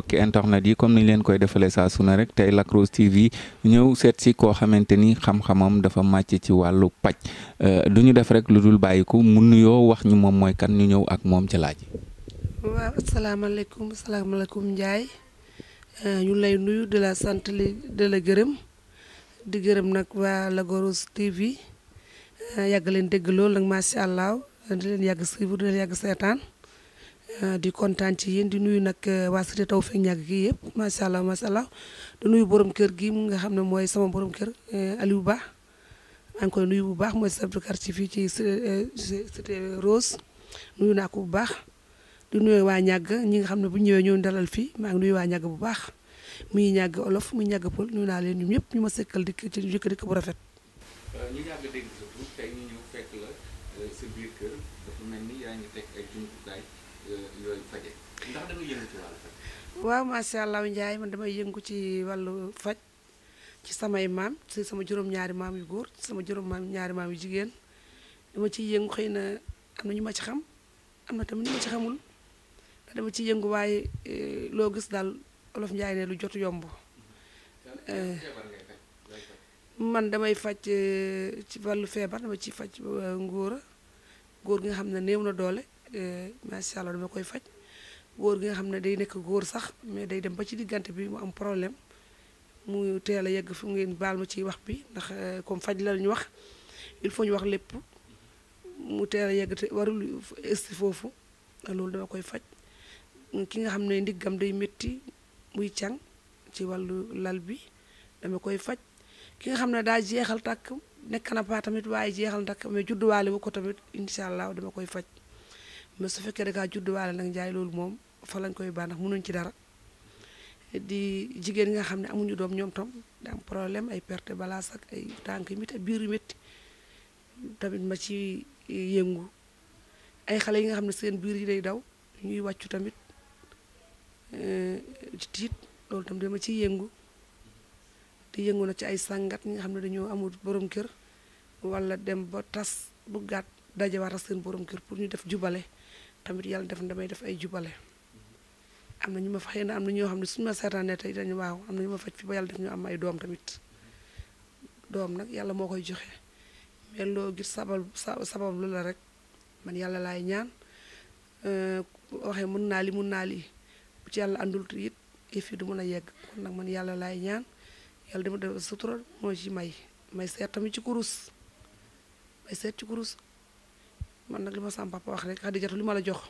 mbokki internet yi comme niñ leen koy defale sa suna rek tay la Rose TV ñew set si ko xamanteni xam-xamam dafa macc ci walu paj euh duñu def rek lu bayiku mu nuyo wax ñu mom moy kan ñu ñew ak mom ci laaj. waaw asalaamaaleykum asalaamaaleykum Ndiaye euh, ñu lay nuyu de la sante li de la gërem di gërem nak wa la Rose TV euh, yàgg leen dégg lool ma sha allah di leen yàgg suivre di leen yàgg setan Euh, di kontaan ci yéen di nuyu nag euh, waa Cité Tawfekh ñàkk gi yëpp macha allah macha allah di nuyu borom kër gi mu nga xam ne mooy sama borom kër euh, Aliou Ba maa ngi koy nuyu bu baax mooy chef de quartier fii ci Cité Rose nuyu naa ko bu baax di nuyu waa ñàgg ñi nga xam ne bu ñëwee ñoo dalal fii maa ngi nuyu waa ñàgg bu baax muy ñàgg olof muy ñàgg pël nuyu naa leen ñun ñëpp ñu ma sekkal dikk ci dikk dikk bu rafet. yooyu faje waaw macha allah Ndiaye man damay yëngu ci wàllu faj ci samay maam ci sama juróom-ñaari maam yu góor ci sama juróom-ñaari maam yu jigéen dama ci yëngu xëy na am na ñu ma ci xam am na tamit ñu ma ci xamul ndax dama ciy yëngu waaye eh, loo gis daal olof Ndiaye ne lu jot yomb. Eh, man damay faj eh, ci wàllu feebar dama ciy faj ngóora góor gi nga xam ne néew na doole. Euh, macha allah dama koy faj góor gi nga xam ne day nekk góor sax mais day dem ba ci diggante bi mu am problème mu teel a yegg fu ngeen baal ma ciy wax bi ndax euh, comme faj la ñu wax il faut ñu wax lépp mu a yegg te foofu loolu dama koy faj ki nga xam ne ndiggam day métti muy càng ci wàllu lal bi dama koy faj ki nga xam ne daa jeexal tàkk nekk na fa tamit waaye jeexal tàkk mais judduwaale wu ko tamit incha allah dama koy faj. mais su fekkee da ngaa judduwaale nag njaay loolu moom fa lañ koy baax ndax mënuñ ci dara di jigéen yi nga xam ne amuñu doom ñoom tam da am problème ay perte balaas ak ay tànk yu métti ak tamit ma ci yëngu ay xale yi nga xam ne seen biir yi day daw ñuy wàccu tamit ci eh, tiit loolu tam ma ciy yëngu di yëngu na ci ay sàngat ñi nga xam ne dañoo amul borom kër walla dem ba tas bu gàtt dajewaat ak seen borom kër pour ñu def jubale tamit yàlla def na damay def ay jubale am na ñu ma fa na am na ñoo xam ne suñu ma seetaanee tey dañu waaw am na ñu ma faj fi ba yàlla def ñu am ay doom tamit doom nag yàlla moo koy joxe mais loo gis sabab sabab lu la rek man yàlla laay ñaan waxee mën naa li mën naa li bu ci yàlla andul it if du mën a yegg kon nag man yàlla laay ñaan yàlla dama def sutura moo ci may may seet tamit ci kurus may seet ci kurus man nag li ma sama papa wax rek Xadijatu li ma la jox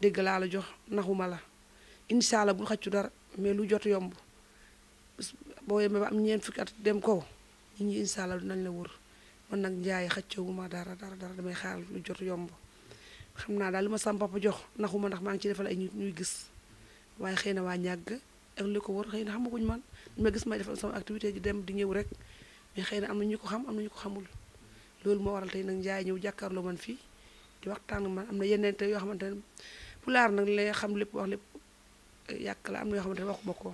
dégg laa la jox naxuma la incha allah bul xaccu dara mais lu jot yomb boo yemee ba am ñeent fukki at dem kaw nit ñi incha allah dinañ la wër man nag njaay xaccewuma dara dara dara damay xaar lu jot yomb xam naa daal ma sama papa jox naxuma ndax maa ngi ci defal ay ñuy gis waaye xëy na waa ñàgg ak li ko wër xëy na xamaguñ man li ma gis may defal sama activité ji dem di ñëw rek mais xëy na am na ñu ko xam am na ñu ko xamul loolu moo waral tey nag njaay ñëw jàkkaarloo man fii di waxtaan man am na yeneen te yoo xamante ne pulaar nag lay xam lépp wax lépp yàq la am na yoo xamante ne waxuma ko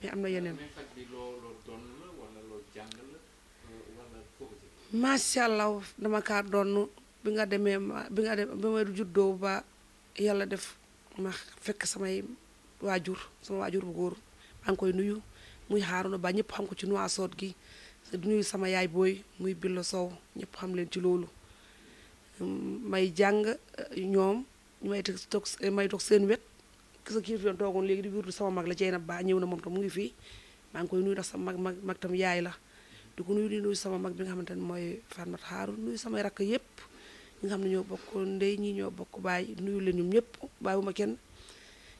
mais am na yeneen. macha allah dama kaa doon bi nga demee ma bi nga dem ba ma juddoo ba yàlla def ma fekk samay waajur sama waajur bu góor maa ngi koy nuyu muy xaaruna ba ñëpp xam ko ci noa soot gi du nuyu sama yaay booy muy billo sow ñëpp xam leen ci loolu. may jàng eh, ñoom may toog may toog seen wet ki sa yoon toogoon léegi sama mag la Jeynab Ba ñëw na moom tam mu ngi fii maa ngi koy nuyu mag mag mag yaay la di ko sama mag bi nga xamante ne mooy Fatmat Xaaru nuyu samay rakk yépp nga xam ne ñoo bokk ndey ñi ñoo bokk baay nuyu leen ñoom ñëpp baay ma kenn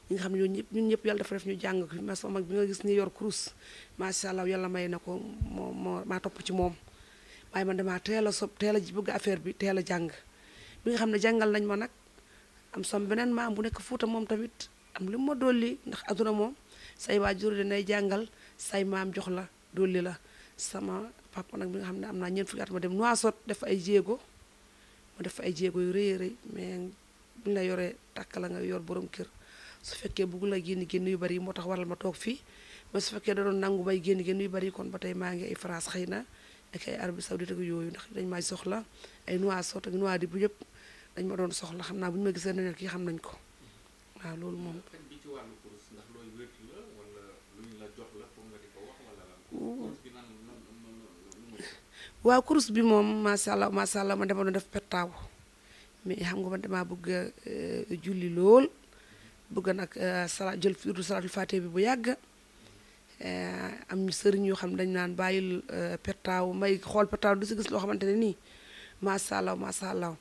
ñi nga xam ne ñëpp yàlla dafa def ñu jàng ko ma sama mag bi nga gis ni yor kurus macha allah yàlla may na ko moo moo maa topp ci moom waaye man damaa teel a sob teel a bëgg affaire bi teel a jàng bi nga xamne jangal nañ ma nak am sam benen maam bu nek fuuta mom tamit am lim mo doli ndax aduna mom say waajur dinay jangal say maam jox la dolli la sama papa nak bi nga xamne amna am naa ma dem noisot def ay jéego ma def ay yore yu reey reey mais bu la yoré tak la nga yor borom kër su fekke bu la genn genn yu bari motax waral ma tok fi ba su fekke da doon nangu bay genn genn yu bari kon batay ma nga ay France xeyna ak ay arab Saoudite ak yoyu ndax dañ ma soxla ay noix soot ak noix di bu yëpp dañ ma doon soxla xam naa bu ñu ma gisee nañu kii xam nañ ko waaw loolu moom. waaw kurus bi moom macha allah ma dama doon def pettaaw mais xam nga man damaa bëgg euh, julli lool bëgg nag euh, sala jël fiiru salaatul faate bi bu yàgg euh, am ñu sëriñ yoo xam ne dañu naan bàyyil pettaaw may xool pettaaw du si gis loo xamante ne nii. macha allah macha allah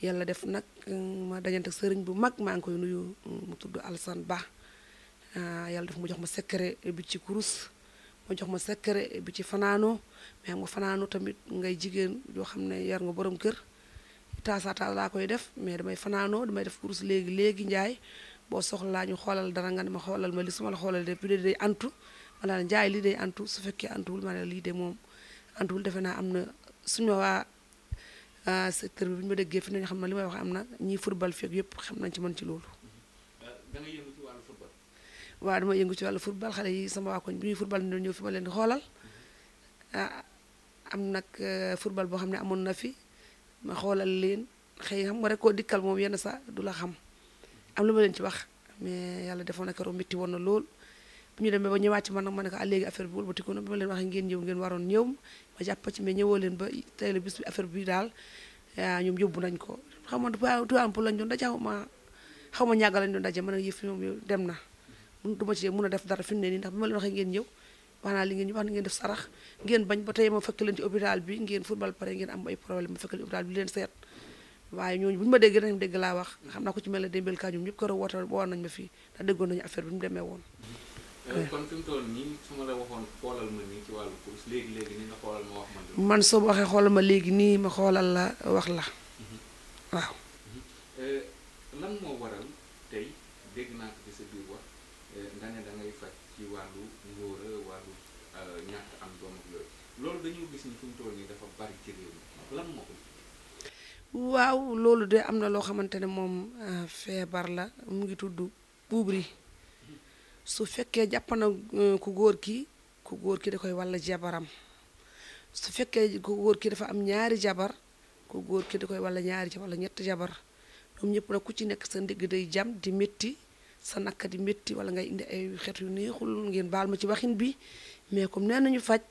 yàlla def nag um, ma dajante sëriñ bu mag maa ngi koy nuyu um, mu tudd Alsan Ba ah, yàlla def mu jox ma secret bi ci kurus moo jox ma secret bi ci fanaanoo mais fanaanoo tamit ngay jigéen yoo xam ne yar nga borom kër taasa laa koy def mais damay fanaanoo damay def kurus léegi léegi njaay boo soxlaa ñu xoolal dara nga ne ma xoolal ma li su ma la xoolal de plus day antu ma la njaay lii day antu su fekkee antuwul ma ne lii de moom antuwul defe naa am na suñu Euh, secteur bi bu ñu ma déggee fi nañu xam na li may wax am na ñii football feeg yëpp xam nañ ci man ci loolu. da ngay yëngu ci wàll football. xale yi sama waa koñ bi ñuy football ñu ñëw fi ma leen di xoolal ah, am nag euh, football boo xam ne amoon na fi ma xoolal leen xëy xam nga rek koo dikkal moom yenn sax du la xam am lu ma leen ci wax mais yàlla defoon na keroog métti woon na lool. ñu demee ba ñëwaat ci man nag ma ne ko léegi affaire ko xam nga tubaab lañ doon daje xaw ma xaw ma dem na du ci mun a def dara fi ne nii ndax ba ma leen waxee ngeen ñëw wax naa li ngeen ñu def sarax ngeen bañ ba tey ma fekk leen ci hôpital bi ngeen football pare ngeen am ay problème ma fekk leen hôpital bi leen seet waaye ñooñu bu ñu ma dégg nañ dégg laa wax xam naa ko ci mel ne démbel kaa ñoom ñëpp kër woote woon nañ ma fii ndax déggoon nañu affaire bi mu demee woon Eh. kon fi toll nii su ma la waxoon xoolal ma nii ci wàllu si léegi léegi nii nga xoolal ma wax ma. man soo waxee xoolal ma léegi nii ma xoolal la wax la mhm. waaw. Mhm. Eh, moo waral tey dégg naa ko ci eh, da euh, loolu gis ni dafa bari loolu de am na loo xamante ne moom euh, feebar la mu ngi tudd puubri. su fekkee jàpp na euh, ku góor ki ku góor ki da koy walla jabaram su fekkee ku góor ki dafa am ñaari jabar ku góor ki da koy walla ñaari jabar walla ñetti jabar ñoom ñëpp nag ku ci nekk sa ndigg day jam di métti sa nakka di métti walla ngay indi ay xeet yu neexul ngeen baal ma ci waxin bi mais comme nee nañu faj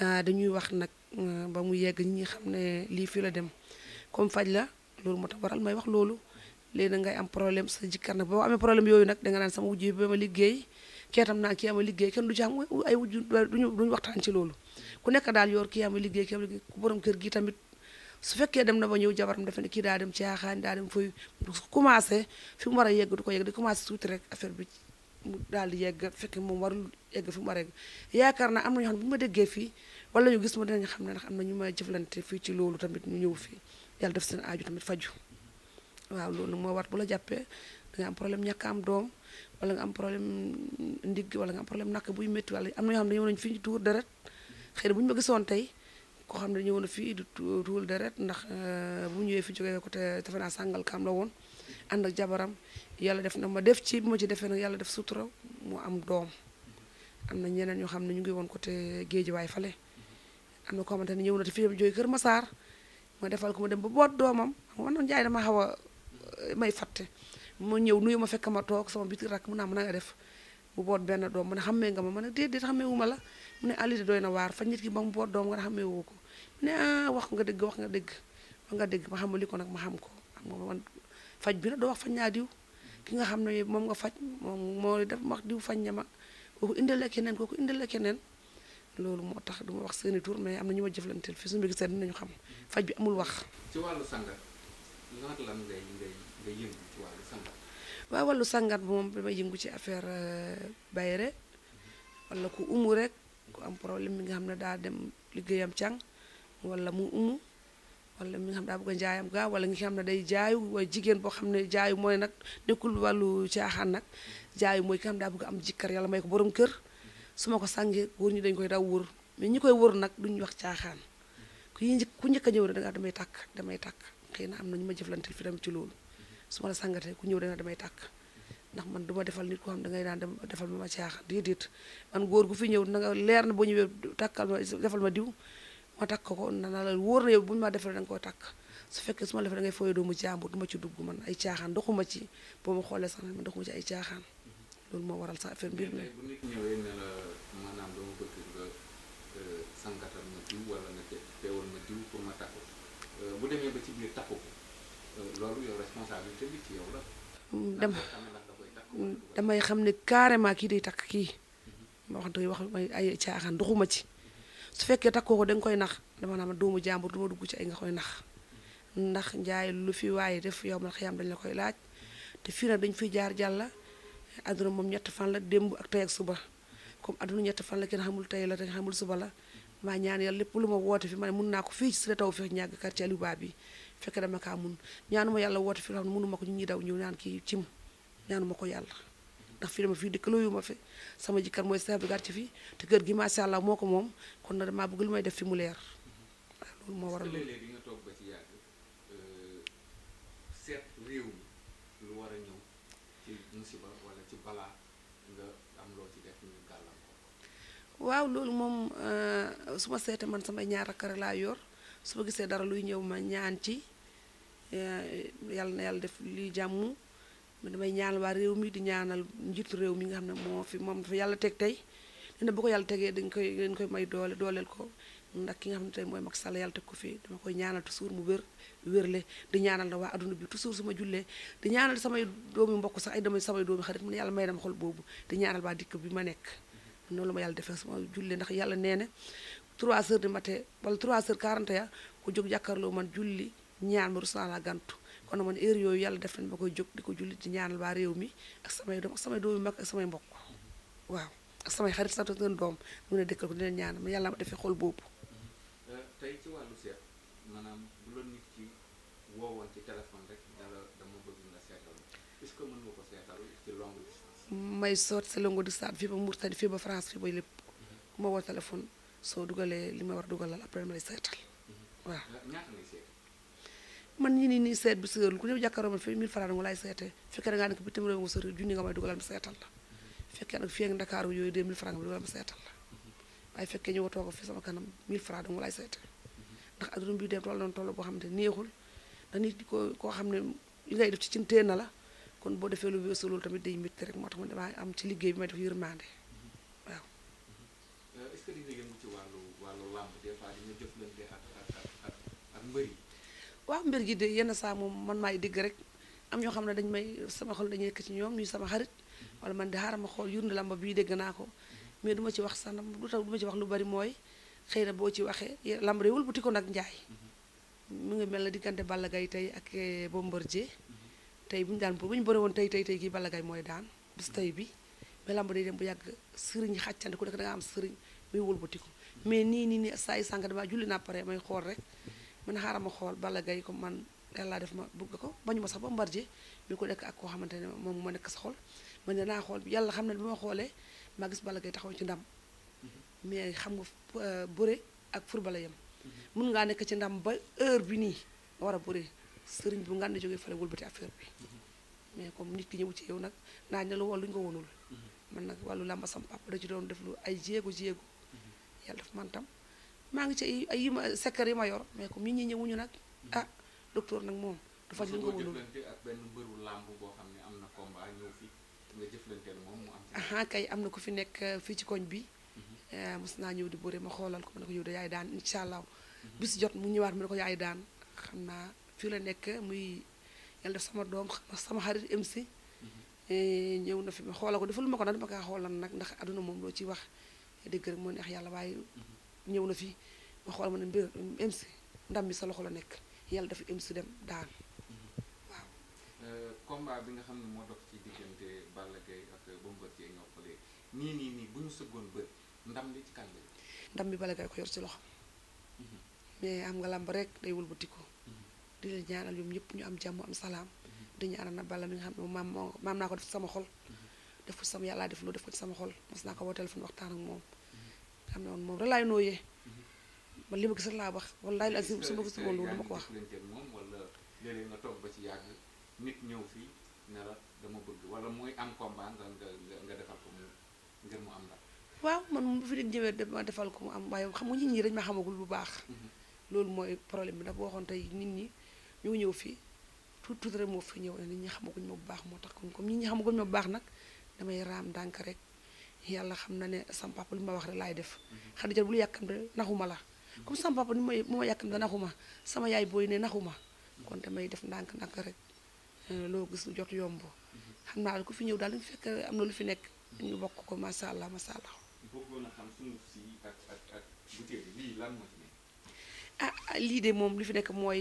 euh, dañuy wax nag euh, ba mu yegg ñi xam ne lii fii la dem comme faj la loolu moo tax waral may wax loolu léegi nag ngay am problème sa jikkar nag boo amee problème yooyu nag da nga naan sama wujj bi ba ma liggéey kee tam naa kii ama am waxtaan ci loolu ku nekk daal yor kii ama liggéey kii ama liggéey ku gi tamit su fekkee dem na ba ñëw jabaram defe ne kii daa dem caaxaan daa dem fooy commencé fi mu war a yegg du ko yegg di commencé tuuti rek affaire bi mu daal di yegg fekk moom warul yegg fi mu war yaakaar naa am na ñoo bu ma déggee fii wala ñu gis ma xam ne ndax am na ñu may jëflante fii ci loolu tamit ñu ñëw fii yàlla def seen aju tamit faju waaw loolu moo war bu la jàppee da nga am problème ñàkk am doom wala nga am problème ndigg wala nga am problème nakk buy métti wala am na ñoo xam ne ñëw nañu fii na bu ñu ma gisoon tey koo xam ne ñëw na fii du tuur deret ndax euh, bu ñëwee fi jógee côté defe naa sàngal kaam la woon ànd ak jabaram yàlla def na ma def ci bi ma ci defee nag yàlla def sutura mu am doom am na ñeneen ñoo xam ne ñu ngi woon côté géejiwaay fale am na koo xamante ne ñëw na te ma defal ko ma dem ba boot doomam xam nga man dama xaw may fàtte ma ñëw nuyu ma fekk ma toog sama biti rakk mu naa mën na nga def bu boot benn doom mu ne xammee nga ma ma ne déedéet xammeewu ma la mu ne alide waar fa nit ki ba mu boot doom nga ne xammeewu ko ah, wax nga dégg wax nga dégg wax nga dégg ma li ko nag ma xam ko xam nga man faj bi nag doo wax fañ naa diw ki nga xam ne moom nga faj moom moo def wax diw fañ ma kooku indil la keneen kooku indil la keneen loolu moo tax du ma wax seeni tur mais am na ñu ma jëflanteel fi suñu bi gisee dinañu xam faj bi amul wax ci wàllu lan ak lan ngay ngay ngay yëngu ci sangat. waaw wàllu sangat moom dama ci affaire euh, bayre wala ku umu rek ku am problème mi nga xam ne daa dem liggéeyam càng wala mu umu wala mi nga xam daa bëgg njaayam gaaw wala ngi xam ne day jaayu wala jigéen boo xam ne jaayu mooy nag nekkul wàllu caaxaan nag jaayu mooy ki xam daa bëgg am jikkar yàlla may ko boroom kër su ma ko sàngee góor ñi dañ koy daw wër mais ñi koy wër nag duñ wax caaxaan ku yi ku njëkk ñëw ne da nga tàkk damay tàkk xëy na am na ñu ma jëflanteel fi tamit ci loolu su ku ñëw danga damay tàkk ndax man du defal nit ko xam da ngay daan dem defal ma ma caaxaan déedéet man góor gu fi ñëw na leer na boo ñëwee takkal ma defal ma diw ma tàkk ko na na la wóor na yow bu ñu ma defal da nga koy tàkk su fekkee suma ma la ngay fooyee doomu jàmbur du ma ci dugg man ay caaxaan doxuma ci boo ma xoolee sax man doxuma ci ay caaxaan loolu moo waral sax affaire mbir mi. bu nit bu euh, mm, mm, damay xam ne carrément kii day takk kii. ma wax dëgg wax ay caaxaan doxuma ci. su fekkee takkoo ko da koy nax dama naa ma doomu jàmbur du dugg ci ay nga koy nax ndax njaay lu fi waaye def yow man xiyam dañ la koy laaj te fii nag dañ fiy jaar jàll àdduna moom ñett fan la démb ak tey ak suba comme àdduna ñett fan la kenn xamul tey la te xamul suba la maa ñaan yàlla lépp lu ma woote fi ma ne mun naa ko fii ci Tawfekh ñàgg quartier Aliou Ba bi fekk dama kaa mun ñaanuma yàlla woote fi xam ne mënuma ko ñu ñuy daw ñëw naan kii cim ñaanuma ko yàlla ndax fii dama fii dëkk looyu ma sama jikkat mooy chef de quartier te kër gi macha allah moo ko moom kon na damaa bëgg lu may def fi mu leer waaw loolu moo waral léeg-léeg nga euh, war a ñëw ci musiba wala ci balaa waaw loolu moom euh, su ma seetee man samay ñaar rakkare laa yor su ma gisee dara luy ñëw ma ñaan ci euh, yàlla na yàlla def lii jàmm damay ñaanal waa réew mi di ñaanal njiitu réew mi nga xam ne moo fi moom dafa yàlla teg tey ne bu ko yàlla tegee dañ koy dañ koy may doole dooleel ko ndax ki nga xam ne tey mooy Macky Sall yàlla teg ko fi dama koy ñaanal toujours mu wér wérle di ñaanal na waa adduna bi toujours su ma jullee di ñaanal samay doomi mbokk sax ay damay samay doomi xarit mu yàlla may dama xol boobu di ñaanal waa dikk bi ma nekk noonu la ma yàlla defee sama julli ndax yàlla nee na 3 heures du matin wala 3 heures 41 ku jóg jàkkaarloo man julli ñaan ma rusanala gantu kon na man heure yooyu yàlla def nañ ma koy jóg di ko julli di ñaanal waa réew mi ak samay doom ak samay doom ak samay mbokk waaw ak samay xarit sant seen doom mu ne dëkkal ko dina ñaan yàlla ma defee xol boobu may sotti sa longo di saat fii ba Mourtani fii ba France fii ba lépp ma mhm. woo téléphone soo dugalee li ma war dugalal après ma lay seetal mhm. waaw. man ñi nii nii seet bi seetlu ku ñëw jàkkaarloo ma fi 1000 francs nga laay seetee fekkee da ngaa nekk bitim seetal la mhm. fekkee nag fii ak Ndakaaru yooyu 2000 seetal la waaye fekkee ñëw toog fi sama kanam 1000 francs nga laay seetee ndax adduna bi dem toll noonu toll boo xam ne neexul da nit ko koo xam ne li ngay def ci cin téen na la kon boo defee lu weesu tamit day métti rek moo tax ma damaa am ci liggéey bi may def yërmande waaw. Euh, mbër yi. gi de yenn saa moom man maay digg rek am ñoo xam ne dañ may sama xol dañ yëkk ci ñoom ñuy sama xarit wala man de xaaral ma xool yurndi làmb bii dégg naa ko mais duma ma ci wax sax lu tax du ma ci wax lu bari mooy xëy na boo ci waxee làmb réewul bu ti ko nag njaay. mu mhm. ngi mel na diggante Balla Gaye tey ak eh, Bombardier tey bu ñu daan bu ñu bëre woon tey tey tey gi Balla mooy daan bis tey bi mais ba day dem bu yàgg sëriñ xàccante ku nekk da nga am sëriñ muy wëlbatiku mais nii nii nii saa yi sànq damaa julli naa pare may xool rek man xaaral ma xool Balla Gaye comme man yàlla def ma bëgg ko bañu ma sax ba Bombardier mi ko nekk ak koo xamante ne moom ma nekk sa xol man danaa xool yàlla xam ne bi ma xoolee maa gis Balla Gaye taxaw ci ndam mais xam nga euh, bëre ak fur bala yem. Mm-hmm. mun ngaa nekk ci ndam ba heure bi nii war a bëre serigne bu ngànd jógee fële wëlbati affaire bi mais comme nit ki ñëw ci yow nak naaj na la woo lu ñu ko wonul man nak walu lamba sam papa da ci doon def lu ay jéego jéego yalla daf man tam ma ngi ci ay yi secret yi ma yor mais comme ñi ñewu ñu nak ah docteur nak mom du fa lu ñu wonul ak ben mbeuru làmb bo xamni amna combat ñew fi nga jëflanteel mom mu am aha kay amna na ku fi nek eh, fi ci koñ bi mhm. eh musna ñew di bëre ma xolal ko nak yow da yaay daan inshallah mhm. bis jot mu ñewat mu ne ko yaay daan xamna fii la nekk muy yàlla def sama doom sama xarit MC mm-hmm. eh, ñëw na fi ma xoolal ko defal ma ko nag dama xoolal nag ndax àdduna moom loo ciy wax dëgg rek moo neex yàlla waaye mm-hmm. ñëw na fi ma xool ma ne mbir MC bi sa loxo la nekk yàlla dafa MC dem daan mm-hmm. waaw. Eh, bi nga xam ne moo dox ci diggante Balla Gaye ak Bombardier ñoo ko nii nii nii bu ñu sëggoon bët ndam bi ci kan ndam bi Balla Gaye ko yor ci loxo mais am nga làmb rek day wëlbatiku. di leen ñaanal ñoom ñëpp ñu am jàmm am salaam di ñaanal na bala mi nga xam ne maam moo maam naa ko def sama xol def ko sama yàllaa def lu def ko ci sama xol mas naa ko woo téléphone waxtaan ak moom xam ne woon moom laay nooyee li ma gis laa wax wallaay la azim su ma gis ma ko wax léeg-léeg nga toog ba ci yàgg ñëw fii ne la dama wala mooy am combat nga man mu fi nit ñëwee dama defal ko mu am waaye xam nga nit ñi dañ ma xamagul bu baax mhm. loolu mooy problème bi ndax boo waxoon tey nit ñi ñoo ñëw fii tuut tuut rek moo fi ñëw ne nit ñi xamaguñ ma bu baax moo tax kon comme nit ñi xamaguñ ma bu baax nag damay raam ndànk rek yàlla xam na ne sam papa ma wax rek laay def. Mhm. Xadija bul yàkkamte naxuma la. Mhm. comme sam papa ni ma mu ma sama yaay booy ne naxuma mhm. kon damay def ndànk ndànk rek euh, loo gis lu jot yomb. xam naa ku fi ñëw daal lu fekk am na lu fi nekk. ñu bokk ko macha allah macha allah. Ah, ah lii de moom li fi nekk mooy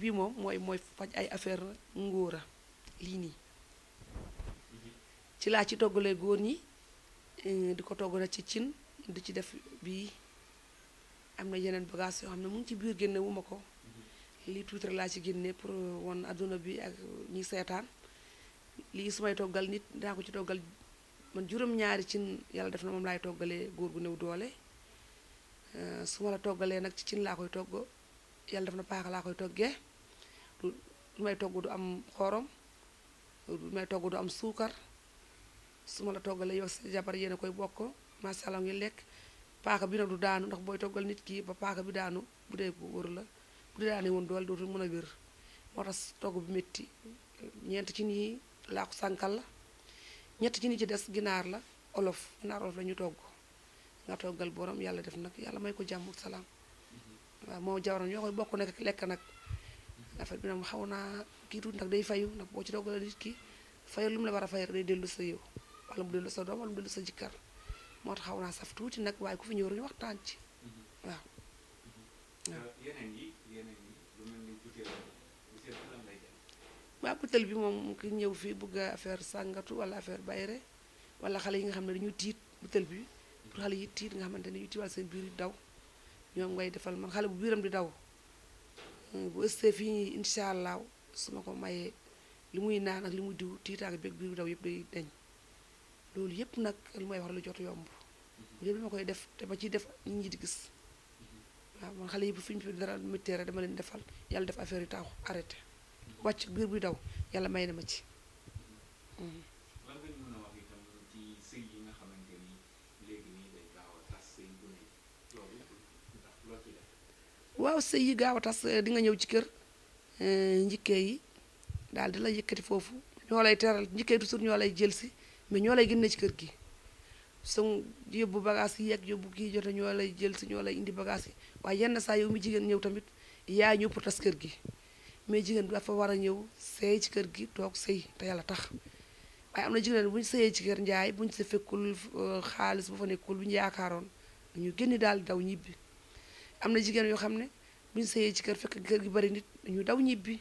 bii moom mooy mooy faj ay affaire ngóora lii nii ci laa ci toggale góor ñi eh, di ko togg na ci cin di ci def bii am na yeneen bagage yoo xam ne mu ci biir génnewuma ko lii tuuti laa ci génne pour won adduna bi ak ñi seetaan lii su may toggal nit daa ko ci toggal man juróom-ñaari cin yàlla def na moom laay toggalee góor gu néew doole Eh, su ma la toggalee nag ci cin laa koy togg yàlla def na paax laa koy toggee du may togg du am xorom du may togg du am suukar suma la toggalee yow sa jabar yéen a koy bokk macha allah ngi lekk paaka bi nag du daanu ndax booy toggal nit ki ba paaka bi daanu bu dee bu wër la bu dee daanee woon doole dootul mën a wér moo tax togg bu metti ñeent ci nii laa ko sànkal la ñett ci ni ci des ginaar la olof ginaar olof la ñu togg nga toggal borom yàlla def nag yàlla may ko jàmm salaam waaw moo jawaram ñoo koy bokk nekk lekk nag affaire bi nag xaw naa kii tuuti nag day fayu ndax boo ci toggalee nit ki fay lu mu la war a fayal day dellu sa yow wala mu dellu sa doom wala mu sa jikkar moo tax xaw naa saf tuuti nag waaye ku fi ñëw ñu bi moom ki ñëw fii bëgg affaire sàngatu wala affaire bayre walla xale yi nga xam ne dañu tiit butéel bi. xale yi tiit nga xamante ni utiwaat seen biir yi daw ñoom ngay defal man xale bu biiram di daw bu ëstee fii ñi su ma ko mayee li muy naan ak li mu diw tiitaange beeg biir daw yëpp day dañ yëpp nag li may jot yomb yëpp dama koy def te ba ciy def nit ñi di gis waaw man xale yi bu fi ñu dara méttee dama leen defal yàlla def affaire yu taaxu arrêté wàcc biir bi daw yàlla may na ma ci hmm. waaw sëy yi gaaw a tas euh, di nga ñëw ci kër euh, njikkee yi daal di la yëkkati foofu ñoo lay teral njikkee toujours ñoo lay jël si mais ñoo lay génne ci kër gi su yóbbu bagage yi yegg yóbbu kii jote ñoo lay jël si ñoo lay indi bagage yi waaye yenn saa yow mi jigéen ñëw tamit yaa ñëw pour tas kër gi mais jigéen dafa war a ñëw sëy ci kër gi toog sëy te yàlla tax waaye am na jigéen bu ñu sëyee ci kër njaay bu ñu sa fekkul euh, xaalis bu fa nekkul bu ñu yaakaaroon ñu génn daal daw ñibbi am na jigéen yoo xam ne bu ñu sëyee ci kër fekk kër gi bari nit ñu daw ñibbi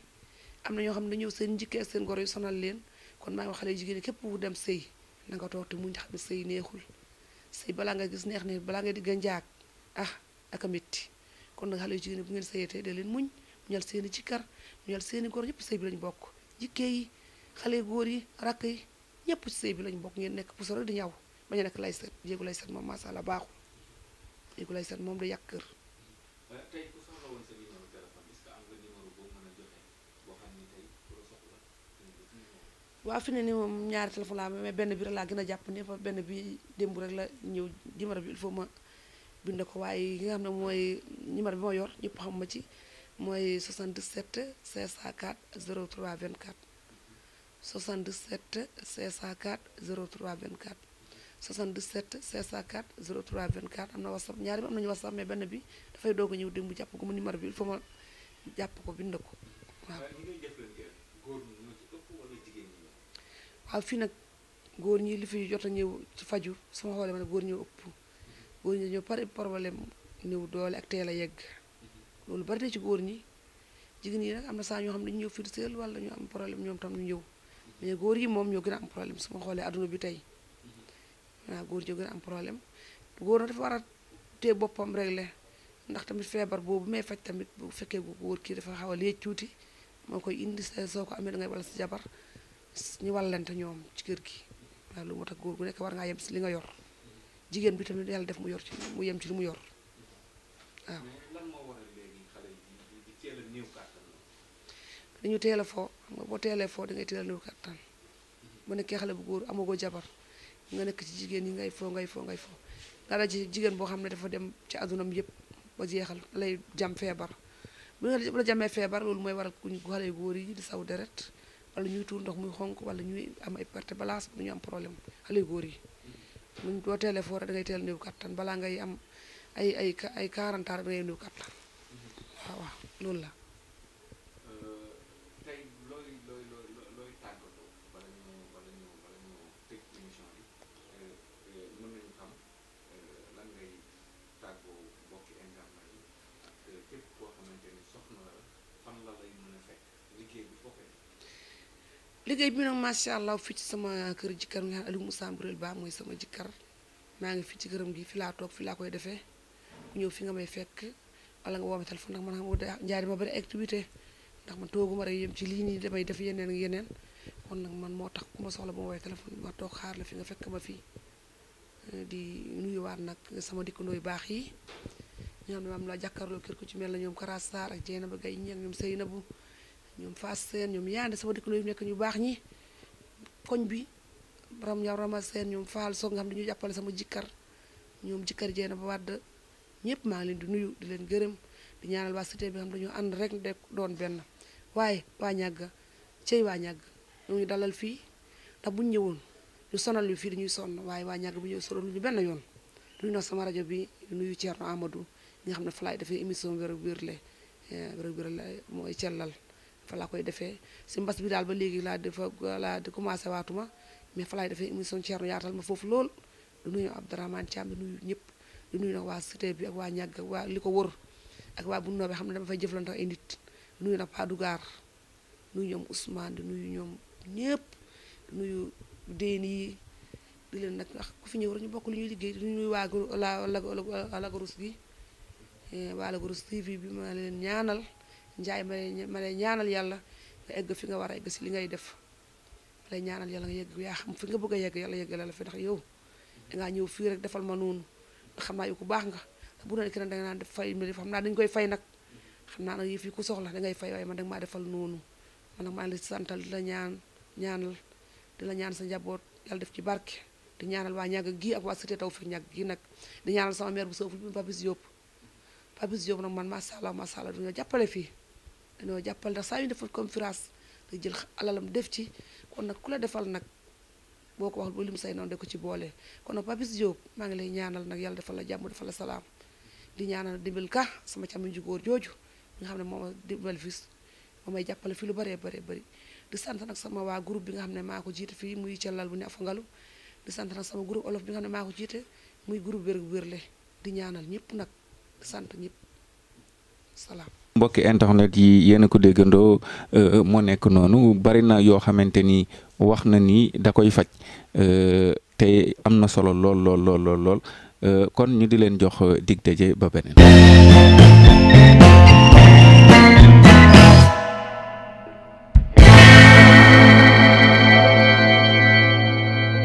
am na ñoo xam ne dañoo seen njëkkee ak seen goro yu sonal leen kon maa ngi wax xale jigéen képp wu dem sëy na nga toog te mu xam ne sëy neexul sëy balaa nga gis neex ne balaa nga digg njaag ah ak kon nag xale jigéen bu ngeen sëyatee da leen muñ muñal seeni jikkar muñal seeni goro ñëpp sëy bi lañu bokk jikkee yi xale góor yi rakk yi ñëpp sëy bi lañ bokk ngeen nekk puso rek di ñaw bañ a nekk lay set jéegu lay set moom macha allah baaxul jéegu lay set moom da yàq kër waaw fi ne nii moom ñaari téléphone laa mais benn bi laa gën a jàpp ne fa benn bi démb rek la ñëw numéro bi il faut ma bind ko waaye yi nga xam ne mooy numéro bi ma yor ñëpp xam ma ci mooy 77 504 03 24 77 504 03 24 77 504 03 24 am na whatsapp ñaari bi am nañu whatsapp mais benn bi dafay doog ñëw démb jàpp ko mu numéro bi il ma jàpp ko bind ko waaw. waaw fii nag góor ñi li fi jot a ñëw ci faju sama xoolee ma ne góor ñëw ëpp góor ñi dañoo pare problème néew doole ak teel a yegg loolu bari na ci góor ñi jigéen yi nag am na saa ñoo xam ne dañu ñëw fii seel wala ñu am problème ñoom tam ñu ñëw mais góor yi moom ñoo gën a am problème su xoolee adduna bi tey góor ñoo am problème góor na dafa war a tee boppam réglé ndax tamit feebar boobu may faj tamit bu fekkee góor kii dafa xaw a lee tuuti moo koy indi soo ko amee da ngay wala si jabar ñu wàllante ñoom ci kër gi waaw lu moo tax góor gu nekk war ngaa yem si li nga yor jigéen bi tamit yàlla def mu yor ci mu yem ci li mu yor waaw. dañu teel a foo xam nga boo teelee foo da ngay teel a néew bu nekkee xale bu góor amagoo jabar nga nekk ci jigéen yi ngay foo ngay foo ngay foo nga la ci jigéen boo xam ne dafa dem ci adunam yëpp ba jeexal lay jam feebar bu la jamee feebar loolu mooy waral ku xale yu góor yi di saw deret wala ñuy tuur ndox muy xonk wala ñuy am ay perte balance du ñu am problème xale yi muñ boo teelee foore da ngay teel néew kattan balaa ngay am ay ay ay 40 ans da ngay néew waaw waaw loolu la liggey bi nag macha allah ci sama kër jikkar nga xam musa Moussa Ba moy sama jikkar ma nga fi ci geureum gi fi la tok fi la koy defé ku ñëw fi nga may fekk wala nga wome telephone nak man nga jaari ma bari activité ndax man tooguma rek yem ci li ni damay def yenen ak yenen kon nak man moo tax ku soxla bu ma telephone ma tok xaar la fi nga fekk ma fi euh, di nuyuwaat nak sama dik yu bax yi ñoom ne maam la jakkarlo keur ku ci mel na ñoom Kara Sarr ak Dieynaba Gaye ñeeg ñoom ñoom Fass Seen ñoom yaande sama dëkk yu nekk ñu baax ñi koñ bi ram ñaw rama seen ñoom faal soog nga xam dañuy jàppale sama jikkar ñoom jikkar jeena ba wàdd ñëpp maa ngi leen di nuyu di leen gërëm di ñaanal waa cité dañoo ànd rek de doon benn waaye waa ñàgga cey waa ñàgg ñoo dalal fii ndax buñ ñëwoon sonal ñu fii dañuy sonn waaye waa ñàgg bu ñëw sonal ñu benn yoon duñu nax sama rajo bi nuyu Thierno Amadou ñi nga xam ne falaay dafay émission wér wérle eh, wér wérle mooy cellal fa laa koy defee si mbas bi daal ba léegi laa defa laa di commencé waatuma mais fa laay defee émission Thierno yaatal ma foofu lool du nuyu Abdourahmane Thiam di nuyu ñëpp di nuyu nag waa cité bi ak waa ñàgg ak waa li ko wër ak waa bu noo bi xam ne dama fay jëflante ay nit di nuyu nag Paa Dugaar nuyu ñoom Ousmane di nuyu ñoom ñëpp di nuyu déen yi di leen nag wax ku fi ñëw rek ñu bokk lu ñuy liggéey di nuyu waa la Lagos gi eh, waa Lagos TV bi ma leen ñaanal njaay ma lay ma ñaanal yàlla nga egg fi nga war a egg si li ngay def ma lay ñaanal yàlla nga yegg yaa xam fi nga bëgg a yegg yàlla yeggale la fi ndax yow dangaa ñëw fii rek defal ma noonu xam naa yow ku baax nga bu doon keneen danga naan def fay xam naa dañu koy fay nag xam naa nag yëf fii ku soxla dangay fay waaye man danga maa defal noonu man nag maa ngi santal di la ñaan ñaanal di la ñaan sa njaboot yàlla def ci barke di ñaanal waa ñàgg gi ak waa taw Tawfekh ñàgg gii nag di ñaanal sama mère bu soofu bi Papis Diop Papis Diop nag man macha allah macha allah du ñu jàppale fii dañoo jàppal ndax saa yu defal conférence jël alalam def ci kon nag ku la defal nag boo ko waxul ba lim say noonu de ko ci boolee kon nag Papis Diop maa ngi lay ñaanal nag yàlla defal la jàmm defal la salaam di ñaanal dimbal ka sama càmmiñ ju jooju nga xam ne moom dimbal fii moom ay jàppale fii lu baree baree bari di sant nag sama waa groupe bi nga xam ne maa ko jiite fii muy cellal bu ne afangalu di sant nag sama group olof bi nga xam ne maa ko jiite muy groupe wér wérle di ñaanal ñëpp nag sant ñëpp mbokki internet yi yéen a ko déggandoo euh, moo nekk noonu bari na yoo xamante ni wax na ni dakoy faj euh, te am na solo lool lool lool euh, kon ñu di leen jox dig daje ba beneen.